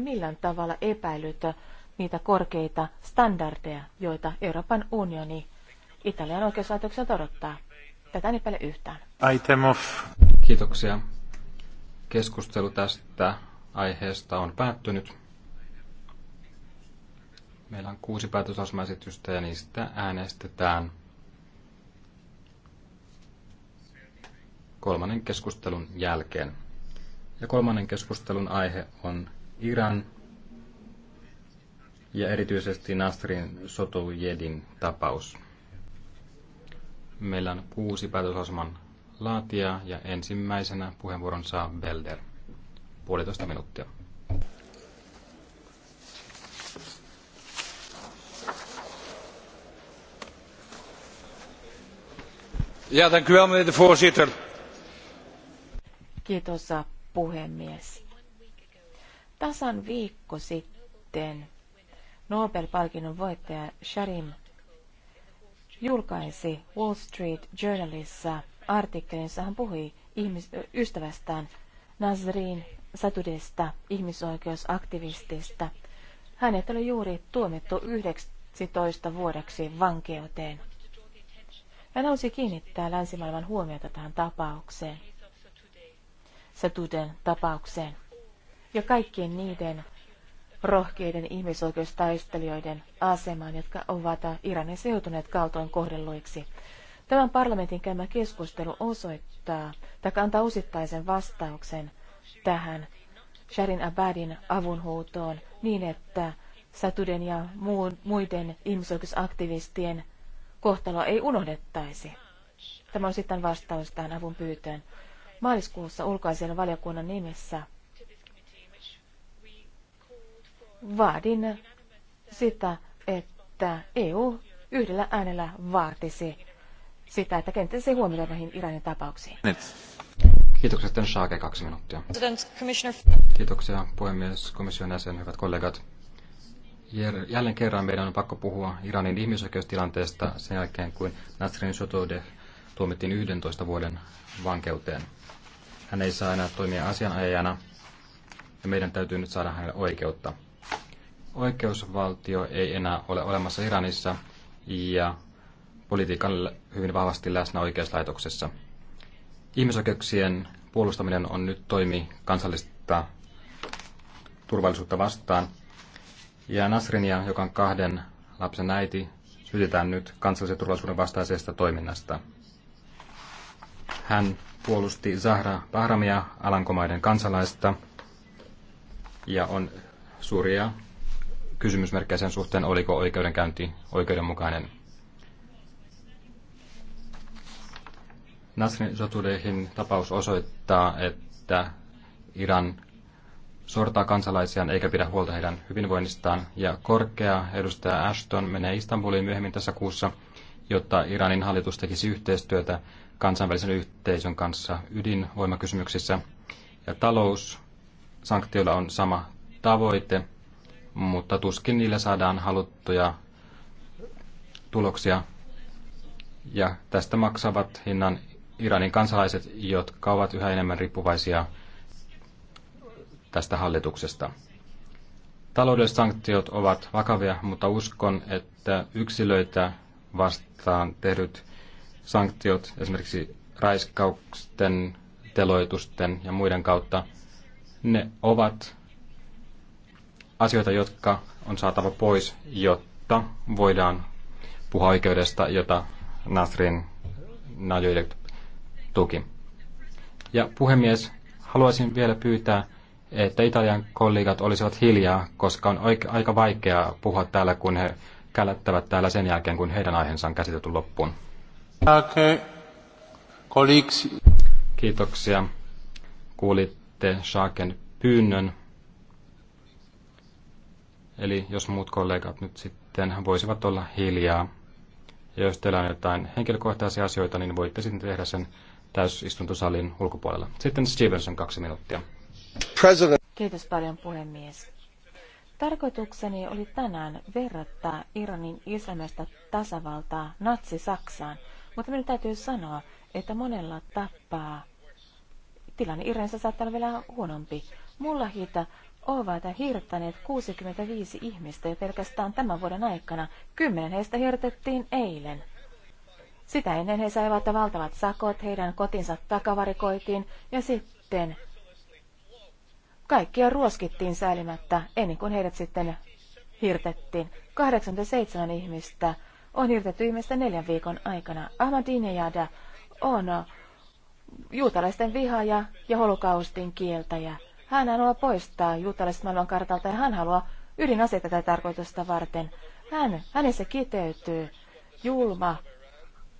millään tavalla epäilyt niitä korkeita standardeja, joita Euroopan unioni Italian oikeuslaitokselta odottaa. Tätä ei paljon yhtään. Item off. Kiitoksia. Keskustelu tästä aiheesta on päättynyt. Meillä on kuusi päätösasmaesitystä ja niistä äänestetään kolmannen keskustelun jälkeen. Ja kolmannen keskustelun aihe on Iran ja erityisesti Nastrin Sotujedin tapaus. Meillä on kuusi päätösosman laatia ja ensimmäisenä puheenvuoron saa Belder. Puolitoista minuuttia. Ja, dank u wel, meneer de voorzitter. Kiitos eh, puhemies. Tasan viikko sitten Nobel-palkinnon voittaja Sharim julkaisi Wall Street Journalissa artikkelin, jossa hän puhui ihmis- ystävästään Nazrin Satudesta, ihmisoikeusaktivistista. Hänet oli juuri tuomittu 19 vuodeksi vankeuteen. Hän nousi kiinnittää länsimaailman huomiota tähän tapaukseen, Satuden tapaukseen ja kaikkien niiden rohkeiden ihmisoikeustaistelijoiden asemaan, jotka ovat Iranin seutuneet kaltoin kohdelluiksi. Tämän parlamentin käymä keskustelu osoittaa tai antaa osittaisen vastauksen tähän Sharin Abadin avunhuutoon niin, että Satuden ja muun, muiden ihmisoikeusaktivistien kohtaloa ei unohdettaisi. Tämä on sitten vastaus tähän avun pyytöön. Maaliskuussa ulkoisen valiokunnan nimessä vaadin sitä, että EU yhdellä äänellä vaatisi sitä, että kenties ei huomioida näihin Iranin tapauksiin. Kiitoksia sitten Shake, kaksi minuuttia. Kiitoksia puhemies, komission jäsen, hyvät kollegat. Jälleen kerran meidän on pakko puhua Iranin ihmisoikeustilanteesta sen jälkeen, kun Nasrin Sotodeh tuomittiin 11 vuoden vankeuteen. Hän ei saa enää toimia asianajajana ja meidän täytyy nyt saada hänelle oikeutta. Oikeusvaltio ei enää ole olemassa Iranissa ja politiikan hyvin vahvasti läsnä oikeuslaitoksessa. Ihmisoikeuksien puolustaminen on nyt toimi kansallista turvallisuutta vastaan. Ja Nasrinia, joka on kahden lapsen äiti, syytetään nyt kansallisen turvallisuuden vastaisesta toiminnasta. Hän puolusti Zahra Bahramia, Alankomaiden kansalaista, ja on suuria kysymysmerkkejä sen suhteen, oliko oikeudenkäynti oikeudenmukainen. Nasrin Sotudehin tapaus osoittaa, että Iran sortaa kansalaisiaan eikä pidä huolta heidän hyvinvoinnistaan. Ja korkea edustaja Ashton menee Istanbuliin myöhemmin tässä kuussa, jotta Iranin hallitus tekisi yhteistyötä kansainvälisen yhteisön kanssa ydinvoimakysymyksissä. Ja taloussanktioilla on sama tavoite, mutta tuskin niillä saadaan haluttuja tuloksia. Ja tästä maksavat hinnan Iranin kansalaiset, jotka ovat yhä enemmän riippuvaisia tästä hallituksesta. Taloudelliset sanktiot ovat vakavia, mutta uskon, että yksilöitä vastaan tehdyt sanktiot, esimerkiksi raiskauksen, teloitusten ja muiden kautta, ne ovat asioita, jotka on saatava pois, jotta voidaan puhua oikeudesta, jota Nasrin Najide tuki. Ja puhemies, haluaisin vielä pyytää, että Italian kollegat olisivat hiljaa, koska on oike- aika vaikeaa puhua täällä, kun he kälättävät täällä sen jälkeen, kun heidän aiheensa on käsitelty loppuun. Kiitoksia. Kuulitte Schaken pyynnön. Eli jos muut kollegat nyt sitten voisivat olla hiljaa. Ja jos teillä on jotain henkilökohtaisia asioita, niin voitte sitten tehdä sen täysistuntosalin ulkopuolella. Sitten Stevenson kaksi minuuttia. President. Kiitos paljon puhemies. Tarkoitukseni oli tänään verrata Iranin islamista tasavaltaa natsi-Saksaan, mutta minun täytyy sanoa, että monella tapaa tilanne Iranissa saattaa olla vielä huonompi. Mulla hiita ovat hirttäneet 65 ihmistä jo pelkästään tämän vuoden aikana. Kymmenen heistä hirtettiin eilen. Sitä ennen he saivat valtavat sakot, heidän kotinsa takavarikoitiin ja sitten kaikkia ruoskittiin säilymättä ennen kuin heidät sitten hirtettiin. 87 ihmistä on hirtetty ihmistä neljän viikon aikana. Ahmadinejada on juutalaisten vihaaja ja holokaustin kieltäjä. Hän haluaa poistaa juutalaiset maailman kartalta ja hän haluaa ydinaseita tätä tarkoitusta varten. Hän, hänessä kiteytyy julma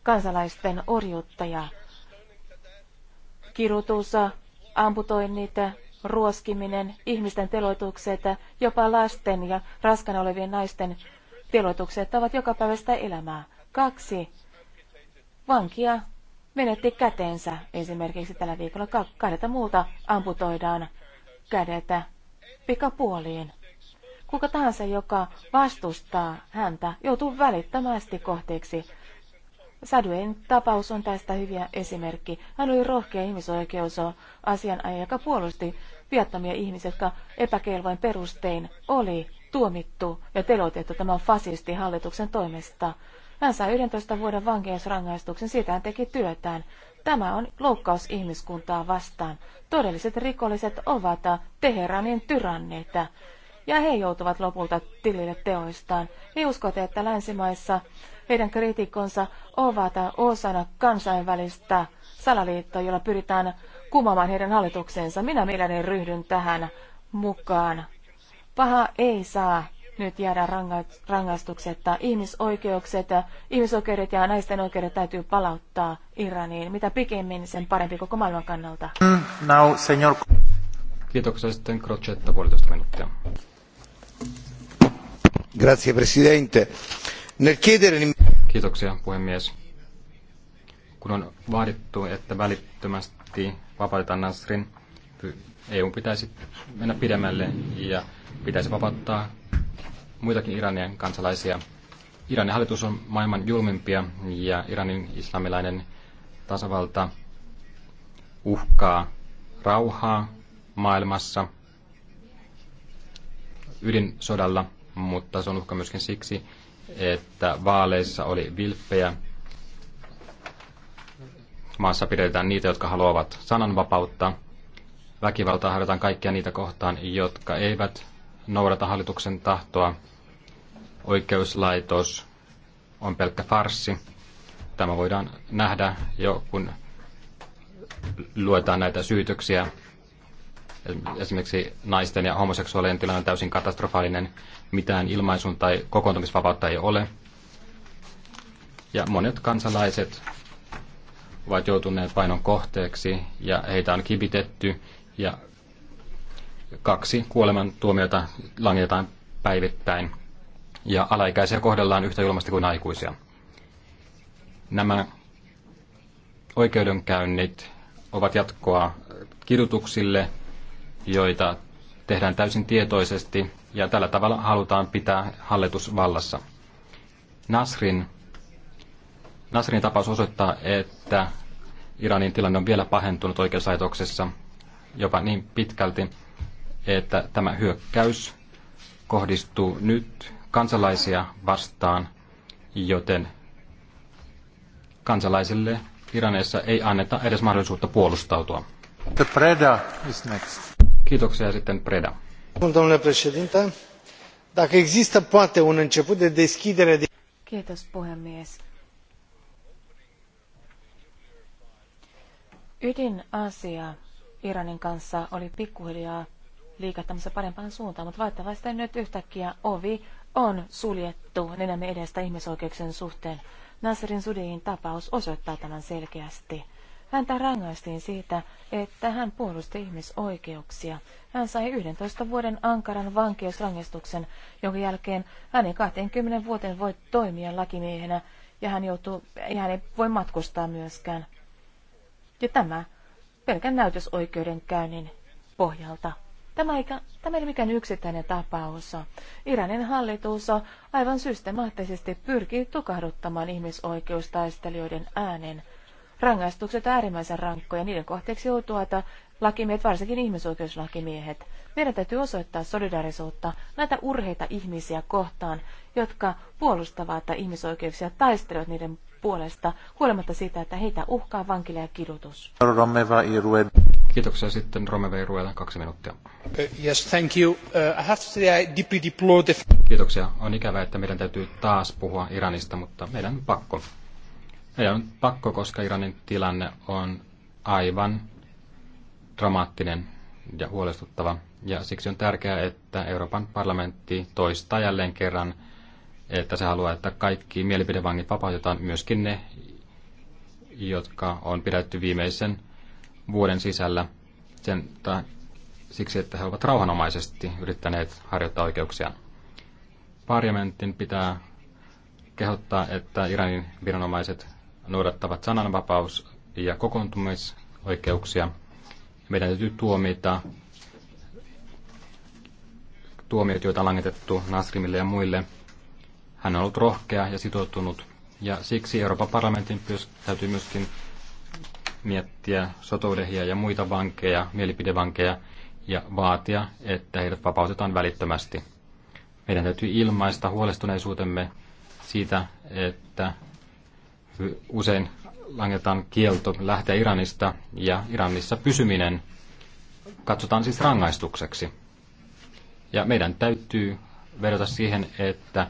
kansalaisten orjuuttaja. Kirutus, amputoinnit, ruoskiminen, ihmisten teloitukset, jopa lasten ja raskana olevien naisten teloitukset ovat päivästä elämää. Kaksi vankia menetti käteensä esimerkiksi tällä viikolla. Kahdelta muuta amputoidaan kädetä pikapuoliin. Kuka tahansa, joka vastustaa häntä, joutuu välittömästi kohteeksi. Saduen tapaus on tästä hyviä esimerkki. Hän oli rohkea ihmisoikeusasianajaja, joka puolusti viattomia ihmisiä, jotka epäkelvoin perustein oli tuomittu ja teloitettu tämän fasistihallituksen toimesta. Hän sai 11 vuoden vankeusrangaistuksen, siitä hän teki työtään. Tämä on loukkaus ihmiskuntaa vastaan. Todelliset rikolliset ovat Teheranin tyranneita, ja he joutuvat lopulta tilille teoistaan. He uskovat, että länsimaissa heidän kriitikkonsa ovat osana kansainvälistä salaliittoa, jolla pyritään kumoamaan heidän hallituksensa. Minä mielelläni ryhdyn tähän mukaan. Paha ei saa nyt jäädä rangaistuksetta. Ihmisoikeukset, ihmisoikeudet ja naisten oikeudet täytyy palauttaa Iraniin. Mitä pikemmin, sen parempi koko maailman kannalta. Now, senior. Kiitoksia sitten Crocetta puolitoista minuuttia. Grazie, presidente. Nel chiedere... Kiitoksia, puhemies. Kun on vaadittu, että välittömästi vapautetaan Nasrin, EU pitäisi mennä pidemmälle ja pitäisi vapauttaa muitakin Iranian kansalaisia. Iranin hallitus on maailman julmimpia ja Iranin islamilainen tasavalta uhkaa rauhaa maailmassa ydinsodalla, mutta se on uhka myöskin siksi, että vaaleissa oli vilppejä. Maassa pidetään niitä, jotka haluavat sananvapautta. Väkivaltaa harjoitetaan kaikkia niitä kohtaan, jotka eivät noudata hallituksen tahtoa oikeuslaitos on pelkkä farsi. Tämä voidaan nähdä jo, kun luetaan näitä syytöksiä. Esimerkiksi naisten ja homoseksuaalien tilanne on täysin katastrofaalinen. Mitään ilmaisun tai kokoontumisvapautta ei ole. Ja monet kansalaiset ovat joutuneet painon kohteeksi ja heitä on kibitetty ja kaksi kuoleman tuomiota langetaan päivittäin ja alaikäisiä kohdellaan yhtä julmasti kuin aikuisia. Nämä oikeudenkäynnit ovat jatkoa kidutuksille, joita tehdään täysin tietoisesti ja tällä tavalla halutaan pitää hallitus vallassa. Nasrin, Nasrin tapaus osoittaa, että Iranin tilanne on vielä pahentunut oikeuslaitoksessa jopa niin pitkälti, että tämä hyökkäys kohdistuu nyt kansalaisia vastaan, joten kansalaisille Iranissa ei anneta edes mahdollisuutta puolustautua. The Preda is next. Kiitoksia sitten Preda. Domnule președinte, dacă există poate un început de deschidere de... Kiitos puhemies. Ydinasia Iranin kanssa oli pikkuhiljaa liikahtamassa parempaan suuntaan, mutta valitettavasti nyt yhtäkkiä ovi on suljettu nenämme edestä ihmisoikeuksien suhteen. Nasserin Sudein tapaus osoittaa tämän selkeästi. Häntä rangaistiin siitä, että hän puolusti ihmisoikeuksia. Hän sai 11 vuoden ankaran vankeusrangaistuksen, jonka jälkeen hänen 20 vuoteen voi toimia lakimiehenä ja hän, joutuu, ja hän ei voi matkustaa myöskään. Ja tämä pelkän näytösoikeuden käynnin pohjalta. Tämä, eikä, tämä ei ole mikään yksittäinen tapaus. Iranin hallitus aivan systemaattisesti pyrkii tukahduttamaan ihmisoikeustaistelijoiden äänen. Rangaistukset äärimmäisen rankkoja, niiden kohteeksi joutuvat lakimiehet, varsinkin ihmisoikeuslakimiehet. Meidän täytyy osoittaa solidarisuutta näitä urheita ihmisiä kohtaan, jotka puolustavat ihmisoikeuksia taistelevat niiden puolesta, huolimatta siitä, että heitä uhkaa vankila ja kidutus. Kiitoksia sitten Rome Ruela, kaksi minuuttia. Eh, yes, thank you. Eh, I have to say I deeply deplore the... Kiitoksia. On ikävää, että meidän täytyy taas puhua Iranista, mutta meidän on pakko. Meidän on pakko, koska Iranin tilanne on aivan dramaattinen ja huolestuttava. Ja siksi on tärkeää, että Euroopan parlamentti toistaa jälleen kerran, että se haluaa, että kaikki mielipidevangit vapautetaan, myöskin ne, jotka on pidetty viimeisen vuoden sisällä sen, tai siksi, että he ovat rauhanomaisesti yrittäneet harjoittaa oikeuksia. Parlamentin pitää kehottaa, että Iranin viranomaiset noudattavat sananvapaus- ja kokoontumisoikeuksia. Meidän täytyy tuomita tuomiot, joita on langitettu Nasrimille ja muille. Hän on ollut rohkea ja sitoutunut, ja siksi Euroopan parlamentin täytyy myöskin miettiä sotoudehia ja muita vankeja, mielipidevankeja, ja vaatia, että heidät vapautetaan välittömästi. Meidän täytyy ilmaista huolestuneisuutemme siitä, että usein langetaan kielto lähteä Iranista ja Iranissa pysyminen katsotaan siis rangaistukseksi. Ja meidän täytyy vedota siihen, että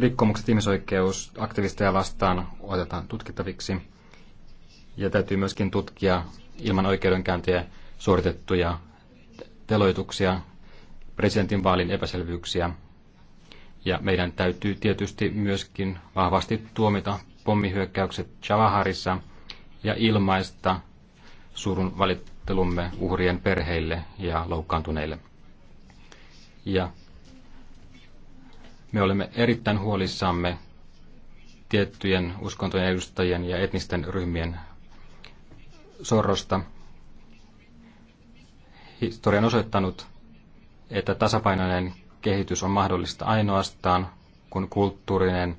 rikkomukset ihmisoikeusaktivisteja vastaan otetaan tutkittaviksi. Ja täytyy myöskin tutkia ilman oikeudenkäyntiä suoritettuja teloituksia, presidentin vaalin epäselvyyksiä. Ja meidän täytyy tietysti myöskin vahvasti tuomita pommihyökkäykset Javaharissa ja ilmaista surun valittelumme uhrien perheille ja loukkaantuneille. Ja me olemme erittäin huolissamme tiettyjen uskontojen edustajien ja etnisten ryhmien sorrosta. Historia on osoittanut, että tasapainoinen kehitys on mahdollista ainoastaan, kun kulttuurinen,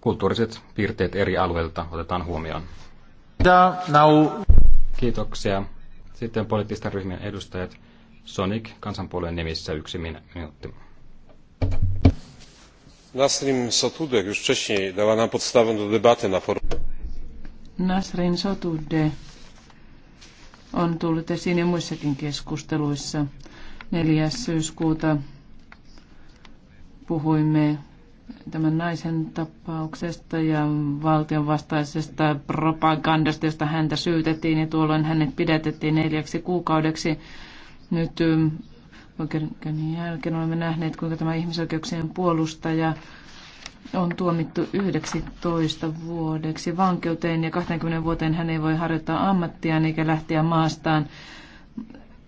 kulttuuriset piirteet eri alueilta otetaan huomioon. Kiitoksia. Sitten poliittisten ryhmien edustajat. Sonic kansanpuolueen nimissä yksi minuutti nasrin sotudeh już wcześniej dała nam podstawę do debaty na forum. Nasrin Sotudeh on tullut esiin muissakin keskusteluissa. 4. syyskuuta puhuimme tämän naisen tapauksesta ja valtion vastaisesta propagandasta, josta häntä syytettiin ja tuolloin hänet pidätettiin neljäksi kuukaudeksi. Nyt oikeudenkäynnin jälkeen olemme nähneet, kuinka tämä ihmisoikeuksien puolustaja on tuomittu 19 vuodeksi vankeuteen ja 20 vuoteen hän ei voi harjoittaa ammattiaan eikä lähteä maastaan.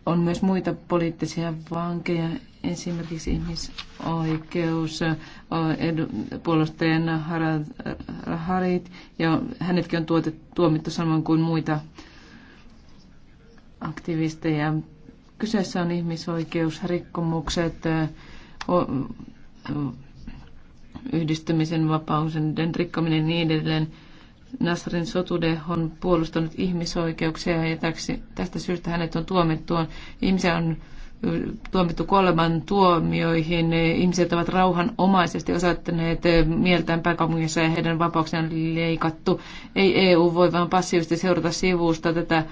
On myös muita poliittisia vankeja, esimerkiksi ihmisoikeus, puolustajan äh, Harit, ja hänetkin on tuotettu, tuomittu samoin kuin muita aktivisteja. Kyseessä on ihmisoikeusrikkomukset, yhdistymisen vapauden rikkominen ja niin edelleen. Nasrin Sotude on puolustanut ihmisoikeuksia ja tästä syystä hänet on tuomittu. Ihmisiä on tuomittu kolman tuomioihin. Ihmiset ovat rauhanomaisesti osoittaneet mieltään pääkaupungissa ja heidän vapauksiaan leikattu. Ei EU voi vaan passiivisesti seurata sivusta tätä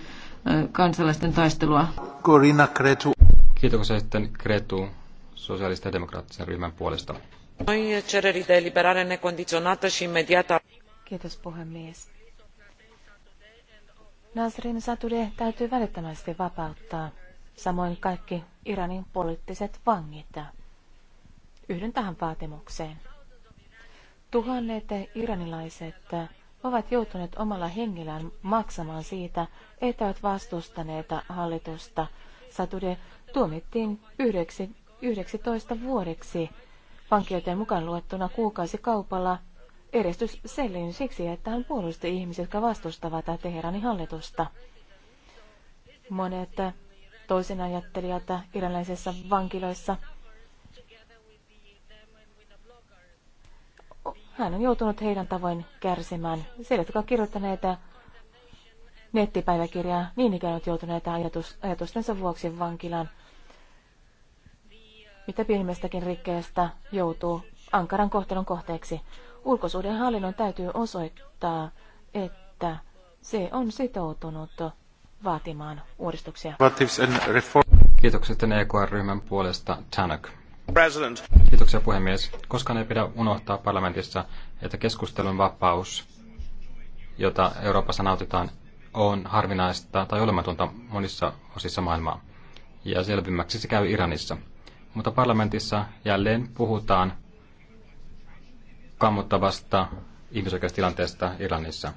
kansalaisten taistelua. Corina Kretu. Kiitoksia sitten Kretu sosiaalista ja demokraattisen ryhmän puolesta. Noi cereri de eliberare necondiționată și imediată. Kiitos puhemies. Nasrin Satudeh täytyy välittömästi vapauttaa, samoin kaikki Iranin poliittiset vangit. Yhden tähän vaatimukseen. Tuhannet iranilaiset ovat joutuneet omalla hengellään maksamaan siitä, että ovat vastustaneet hallitusta. Satude tuomittiin 19 vuodeksi vankilteen mukaan luettuna kuukausi kaupalla. Eristys eristyssellin siksi, että hän puolusti ihmisiä, jotka vastustavat Teheranin hallitusta. Monet toisen ajattelijat iranilaisissa vankiloissa Hän on joutunut heidän tavoin kärsimään. Siellä, jotka ovat kirjoittaneet nettipäiväkirjaa, niin ikään ovat joutuneet ajatus, ajatustensa vuoksi vankilaan. Mitä pienimmästäkin rikkeestä joutuu ankaran kohtelun kohteeksi. hallinnon täytyy osoittaa, että se on sitoutunut vaatimaan uudistuksia. Kiitokset EKR-ryhmän e puolesta Tanak. President. Kiitoksia puhemies. Koskaan ei pidä unohtaa parlamentissa, että keskustelun vapaus, jota Euroopassa nautitaan, on harvinaista tai olematonta monissa osissa maailmaa. Ja selvimmäksi se käy Iranissa. Mutta parlamentissa jälleen puhutaan kammottavasta ihmisoikeustilanteesta Iranissa.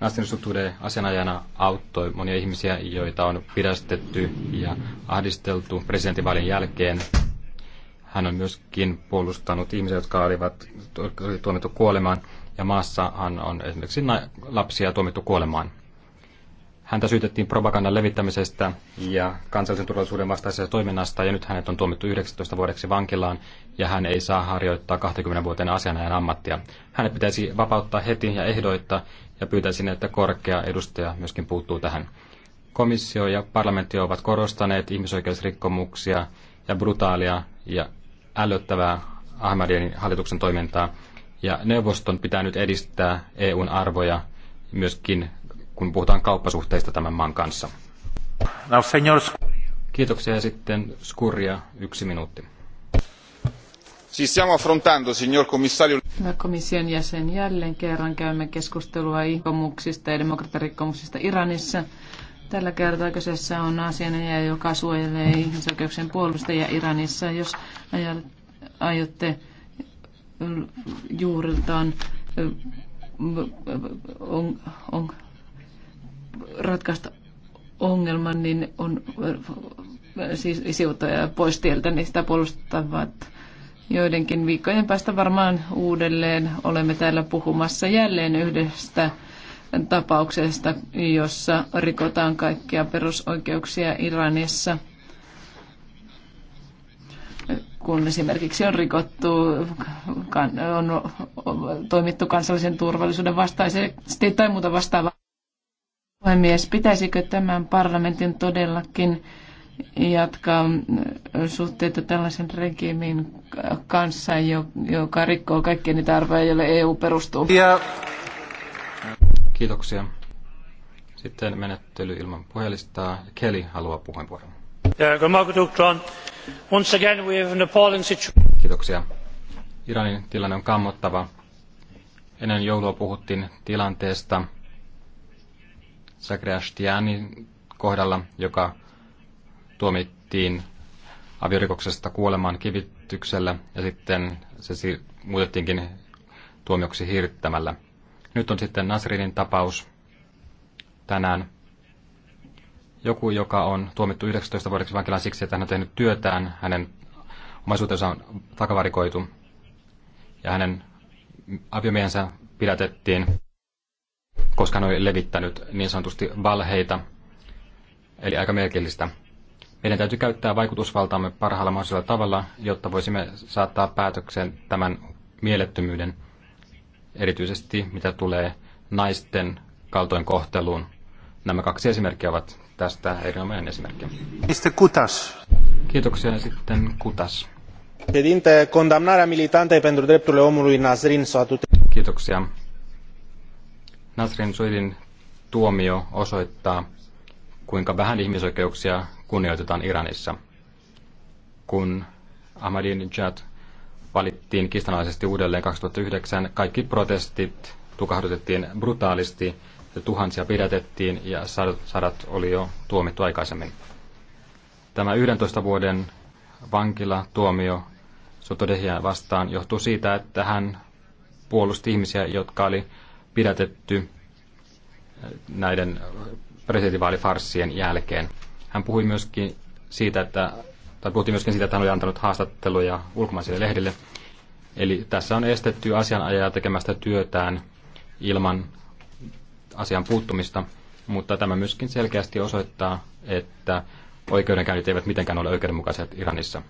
Nasrin Sotude asianajana auttoi monia ihmisiä, joita on pidästetty ja ahdisteltu presidentinvaalin jälkeen hän on myöskin puolustanut ihmisiä, jotka olivat tuomittu kuolemaan, ja maassa hän on esimerkiksi lapsia tuomittu kuolemaan. Häntä syytettiin propagandan levittämisestä ja kansallisen turvallisuuden vastaisesta toiminnasta, ja nyt hänet on tuomittu 19 vuodeksi vankilaan, ja hän ei saa harjoittaa 20 vuoteen asianajan ammattia. Hänet pitäisi vapauttaa heti ja ehdoitta, ja pyytäisin, että korkea edustaja myöskin puuttuu tähän. Komissio ja parlamentti ovat korostaneet ihmisoikeusrikkomuksia ja brutaalia ja ällöttävää Ahmadinejadin hallituksen toimintaa. Ja neuvoston pitää nyt edistää EUn arvoja myöskin, kun puhutaan kauppasuhteista tämän maan kanssa. No, Kiitoksia ja sitten Skurria yksi minuutti. Siis stiamo affrontando, signor commissario. Hyvä komission jäsen, jälleen kerran käymme keskustelua ihkomuksista ja demokratiarikkomuksista Iranissa – Tällä kertaa kyseessä on asianajaja, joka suojelee ihmisoikeuksien puolustajia Iranissa. Jos aiotte juuriltaan on, on ratkaista ongelman, niin on siis sijoittaja pois tieltä, niin sitä puolustavat joidenkin viikkojen päästä varmaan uudelleen olemme täällä puhumassa jälleen yhdestä tapauksesta, jossa rikotaan kaikkia perusoikeuksia Iranissa, kun esimerkiksi on rikottu, on toimittu kansallisen turvallisuuden vastaisesti tai muuta vastaavaa. Puhemies, pitäisikö tämän parlamentin todellakin jatkaa suhteita tällaisen regiimin kanssa, joka rikkoo kaikkia niitä arvoja, joille EU perustuu? Kiitoksia. Sitten menettely ilman puhelistaa. Kelly haluaa puheenvuoron. Once again we have an appalling situation. Kiitoksia. Iranin tilanne on kammottava. Ennen joulua puhuttiin tilanteesta Sakreashtianin kohdalla, joka tuomittiin aviorikoksesta kuolemaan kivityksellä ja sitten se muutettiinkin tuomioksi hirttämällä. Nyt on sitten Nasridin tapaus tänään. Joku, joka on tuomittu 19 vuodeksi vankilaan siksi, että hän on tehnyt työtään, hänen omaisuutensa on takavarikoitu ja hänen aviomiehensä pidätettiin, koska hän oli levittänyt niin sanotusti valheita, eli aika merkillistä. Meidän täytyy käyttää vaikutusvaltaamme parhaalla mahdollisella tavalla, jotta voisimme saattaa päätöksen tämän mielettömyyden – erityisesti mitä tulee naisten kaltoinkohteluun. Nämä kaksi esimerkkiä ovat tästä erinomainen esimerkki. Mr. Kutas. Kiitoksia sitten Kutas. Pedinte condamnarea militantei pentru drepturile omului Nazrin Soatut. Kiitoksia. Nasrin Suidin tuomio osoittaa, kuinka vähän ihmisoikeuksia kunnioitetaan Iranissa. Kun Ahmadinejad tuomittiin kistanalaisesti uudelleen 2009. Kaikki protestit tukahdutettiin brutaalisti, ja tuhansia pidätettiin ja sadat oli jo tuomittu aikaisemmin. Tämä 11 vuoden vankilatuomio Sotodehian vastaan johtuu siitä, että hän puolusti ihmisiä, jotka oli pidätetty näiden presidentinvaalifarssien jälkeen. Hän puhui myöskin siitä, että, tai puhuttiin myöskin siitä, että hän oli antanut haastatteluja ulkomaisille lehdille. Eli tässä on estetty asianajaja tekemästä työtään ilman asian puuttumista, mutta tämä myöskin selkeästi osoittaa, että oikeudenkäynnit eivät mitenkään ole oikeudenmukaiset Iranissa.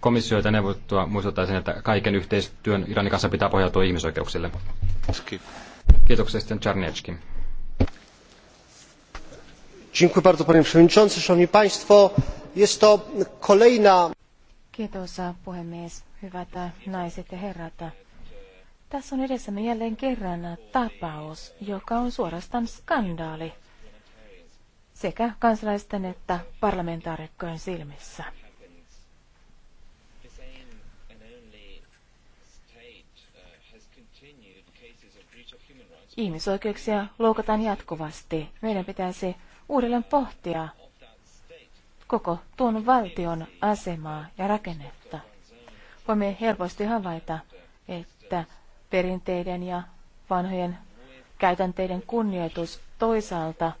Komissioita neuvottua muistuttaisin, että kaiken yhteistyön Iranin kanssa pitää pohjautua ihmisoikeuksille. Kiitoksia sitten Czarniecki. Dziękuję bardzo panie przewodniczący, szanowni państwo. Jest to kolejna... Kiitos puhemies Hyvät äh, naiset ja herrat, äh, tässä on edessämme jälleen kerran tapaus, joka on suorastaan skandaali sekä kansalaisten että parlamentaarikkojen silmissä. Ihmisoikeuksia loukataan jatkuvasti. Meidän pitäisi uudelleen pohtia koko tuon valtion asemaa ja rakennetta voimme helposti havaita, että perinteiden ja vanhojen käytänteiden kunnioitus toisaalta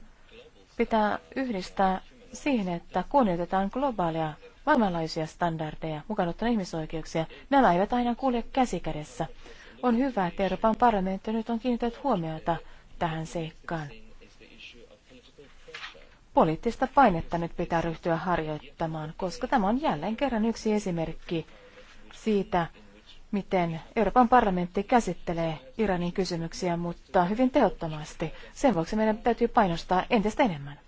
pitää yhdistää siihen, että kunnioitetaan globaalia maailmanlaisia standardeja, mukaan ottaen ihmisoikeuksia. Nämä eivät aina kulje käsikädessä. On hyvä, että Euroopan parlamentti nyt on kiinnittänyt huomiota tähän seikkaan. Poliittista painetta nyt pitää ryhtyä harjoittamaan, koska tämä on jälleen kerran yksi esimerkki siitä, miten Euroopan parlamentti käsittelee Iranin kysymyksiä, mutta hyvin tehottomasti. Sen vuoksi meidän täytyy painostaa entistä enemmän.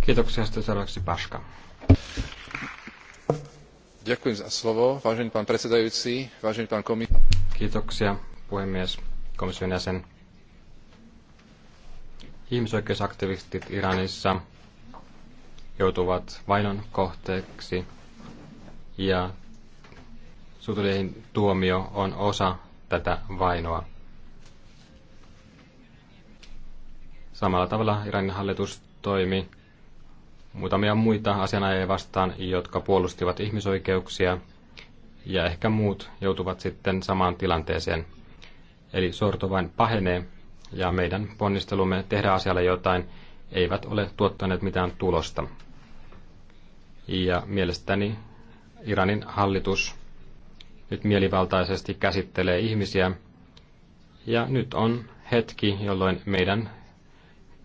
Kiitoksia. Sitten seuraavaksi Paška. Ďakujem za slovo, vážený pán predsedajúci, vážený pán komis... Kiitoksia, puhemies, komission jäsen. Ihmisoikeusaktivistit Iranissa joutuvat vainon kohteeksi ja Sutulin tuomio on osa tätä vainoa. Samalla tavalla Iranin hallitus toimi muutamia muita asianajajia vastaan, jotka puolustivat ihmisoikeuksia, ja ehkä muut joutuvat sitten samaan tilanteeseen. Eli sorto vain pahenee, ja meidän ponnistelumme tehdä asialle jotain eivät ole tuottaneet mitään tulosta. Ja mielestäni Iranin hallitus nyt mielivaltaisesti käsittelee ihmisiä. Ja nyt on hetki, jolloin meidän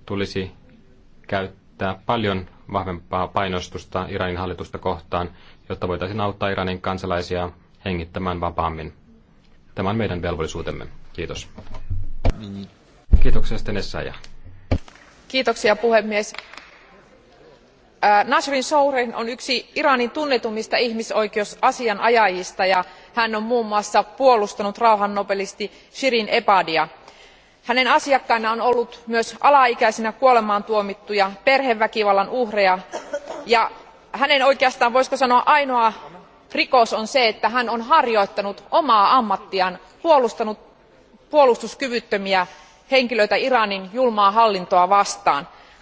tulisi käyttää paljon vahvempaa painostusta Iranin hallitusta kohtaan, jotta voitaisiin auttaa Iranin kansalaisia hengittämään vapaammin. Tämä on meidän velvollisuutemme. Kiitos. Kiitoksia, ja. Kiitoksia, puhemies nasrin soreih on yksi iranin tunnetuimmista ihmisoikeusasianajajista ja hän on muun muassa puolustanut rauhannobelisti shirin ebadia. hänen asiakkainaan on ollut myös alaikäisenä kuolemaan tuomittuja perheväkivallan uhreja ja hänen oikeastaan voisiko sanoa ainoa rikoksensa on se että hän on harjoittanut omaa ammattiaan puolustanut puolustuskyvyttömiä henkilöitä iranin julmaa hallintoa vastaan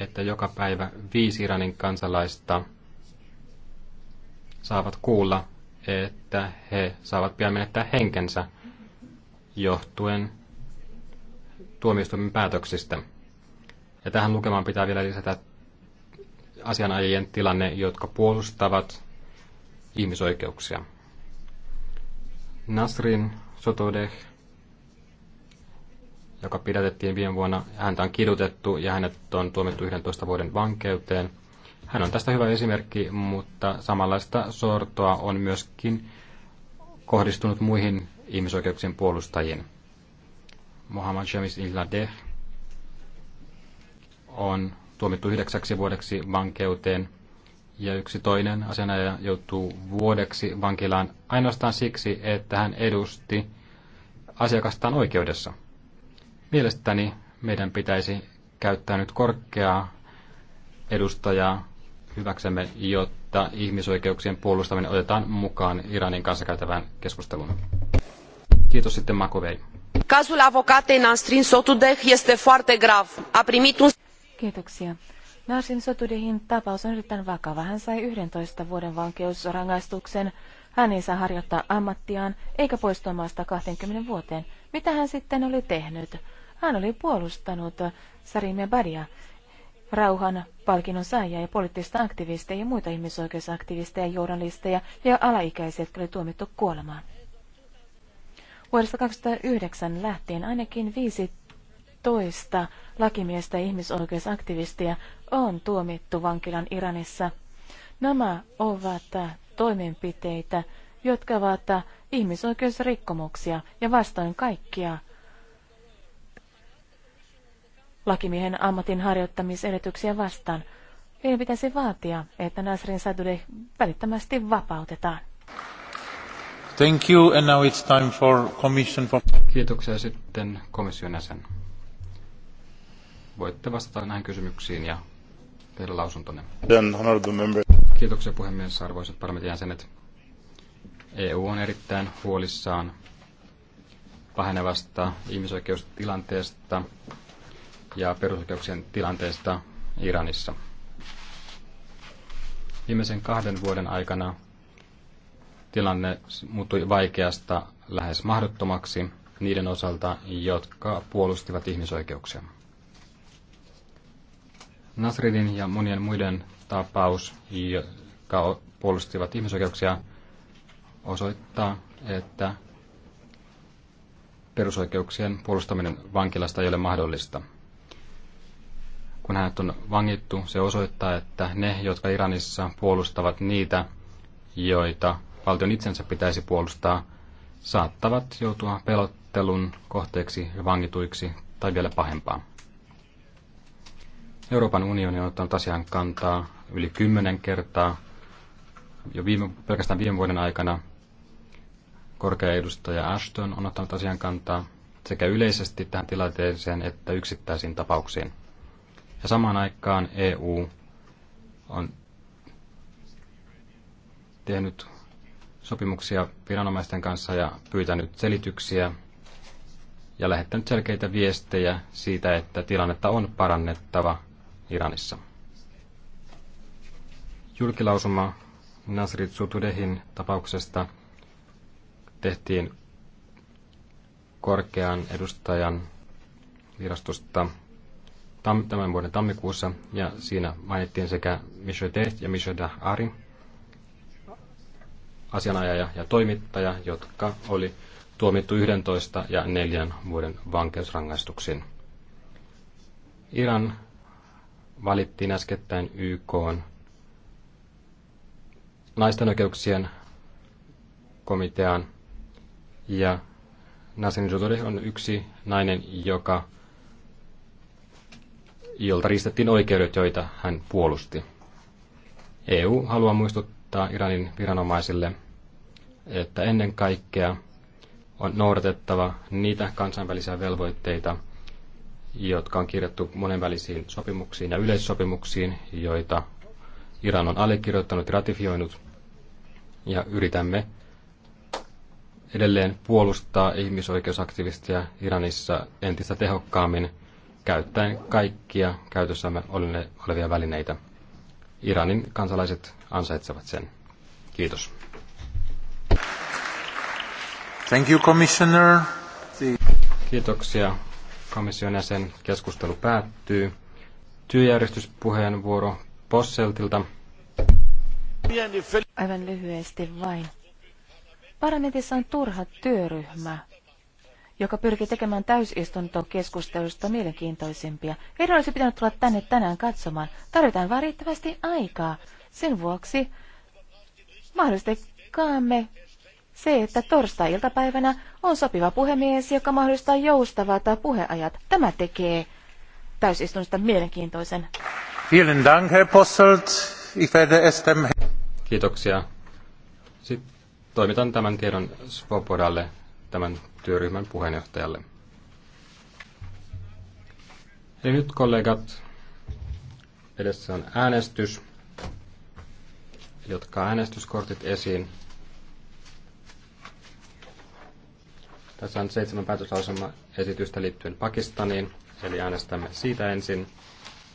että joka päivä viisi Iranin kansalaista saavat kuulla, että he saavat pian menettää henkensä johtuen tuomioistuimen päätöksistä. Ja tähän lukemaan pitää vielä lisätä asianajien tilanne, jotka puolustavat ihmisoikeuksia. Nasrin Sotodeh joka pidätettiin viime vuonna. Häntä on kidutettu ja hänet on tuomittu 11 vuoden vankeuteen. Hän on tästä hyvä esimerkki, mutta samanlaista sortoa on myöskin kohdistunut muihin ihmisoikeuksien puolustajiin. Mohammad Shemis Illadeh on tuomittu yhdeksäksi vuodeksi vankeuteen ja yksi toinen asianajaja joutuu vuodeksi vankilaan ainoastaan siksi, että hän edusti asiakastaan oikeudessa. Mielestäni meidän pitäisi käyttää nyt korkeaa edustajaa hyväksemme, jotta ihmisoikeuksien puolustaminen otetaan mukaan Iranin kanssa käytävään keskusteluun. Kiitos sitten Makovei. Cazul avocatei Nasrin Sotudeh este foarte grav. A primit un... Kiitoksia. Nasrin Sotudehin tapaus on erittäin vakava. Hän sai 11 vuoden vankeusrangaistuksen. Hän ei saa harjoittaa ammattiaan eikä poistua maasta 20 vuoteen. Mitä hän sitten oli tehnyt? Hän oli puolustanut Sarimia Badia, rauhan palkinnon saajia ja poliittista aktivisteja ja muita ihmisoikeusaktivisteja, journalisteja ja alaikäisiä, jotka oli tuomittu kuolemaan. Vuodesta 2009 lähtien ainakin 15 lakimiestä ja ihmisoikeusaktivistia on tuomittu vankilan Iranissa. Nämä ovat toimenpiteitä, jotka ovat ihmisoikeusrikkomuksia ja vastoin kaikkia lakimiehen ammatin harjoittamisedellytyksiä vastaan. Niin pitäisi vaatia, että Nasrin Sadudeh välittömästi vapautetaan. Thank you, and now it's time for commission for... Kiitoksia sitten komission jäsen. Voitte vastata näihin kysymyksiin ja tehdä lausuntonne. Kiitoksia puhemies, arvoisat parlamentin jäsenet. EU on erittäin huolissaan pahenevasta ihmisoikeustilanteesta ja perusoikeuksien tilanteesta Iranissa. Viimeisen kahden vuoden aikana tilanne muuttui vaikeasta lähes mahdottomaksi niiden osalta, jotka puolustivat ihmisoikeuksia. Nasridin ja monien muiden tapaus, jotka puolustivat ihmisoikeuksia, osoittaa, että perusoikeuksien puolustaminen vankilasta ei ole mahdollista – kun hänet on vangittu, se osoittaa, että ne, jotka Iranissa puolustavat niitä, joita valtion itsensä pitäisi puolustaa, saattavat joutua pelottelun kohteeksi ja vangituiksi tai vielä pahempaa. Euroopan unioni on ottanut asian kantaa yli kymmenen kertaa jo viime, pelkästään viime vuoden aikana. Korkea edustaja Ashton on ottanut asian kantaa sekä yleisesti tähän tilanteeseen että yksittäisiin tapauksiin. Ja samaan aikaan EU on tehnyt sopimuksia viranomaisten kanssa ja pyytänyt selityksiä ja lähettänyt selkeitä viestejä siitä, että tilannetta on parannettava Iranissa. Julkilausuma Nasrid Sutudehin tapauksesta tehtiin korkean edustajan virastosta tam, tämän vuoden tammikuussa, ja siinä mainittiin sekä Michel Teht ja Michel Dahari, asianajaja ja toimittaja, jotka oli tuomittu 11 ja 4 vuoden vankeusrangaistuksiin. Iran valittiin äskettäin YK naisten oikeuksien komiteaan ja Nasin Jodori on yksi nainen, joka jolta riistettiin oikeudet, joita hän puolusti. EU haluaa muistuttaa Iranin viranomaisille, että ennen kaikkea on noudatettava niitä kansainvälisiä velvoitteita, jotka on kirjattu monenvälisiin sopimuksiin ja yleissopimuksiin, joita Iran on allekirjoittanut ja ratifioinut. Ja yritämme edelleen puolustaa ihmisoikeusaktivisteja Iranissa entistä tehokkaammin – käyttäen kaikkia käytössämme olevia välineitä. Iranin kansalaiset ansaitsevat sen. Kiitos. Thank you, Commissioner. Kiitoksia. Komission jäsen keskustelu päättyy. Työjärjestyspuheenvuoro Posseltilta. Aivan lyhyesti vain. Parlamentissa on turha työryhmä, joka pyrki tekemään täysistuntokeskustelusta mielenkiintoisimpia. Heidän olisi pitänyt tulla tänne tänään katsomaan. Tarvitaan vaan riittävästi aikaa. Sen vuoksi mahdollistakaamme se, että torstai-iltapäivänä on sopiva puhemies, joka mahdollistaa joustavat puheajat. Tämä tekee täysistunnosta mielenkiintoisen. Vielen Dank, Herr Posselt. Ich werde es Kiitoksia. Sitten toimitan tämän tiedon Svobodalle tämän työryhmän puheenjohtajalle. Eli nyt kollegat, edessä on äänestys. Jotka äänestyskortit esiin. Tässä on seitsemän esitystä liittyen Pakistaniin, eli äänestämme siitä ensin.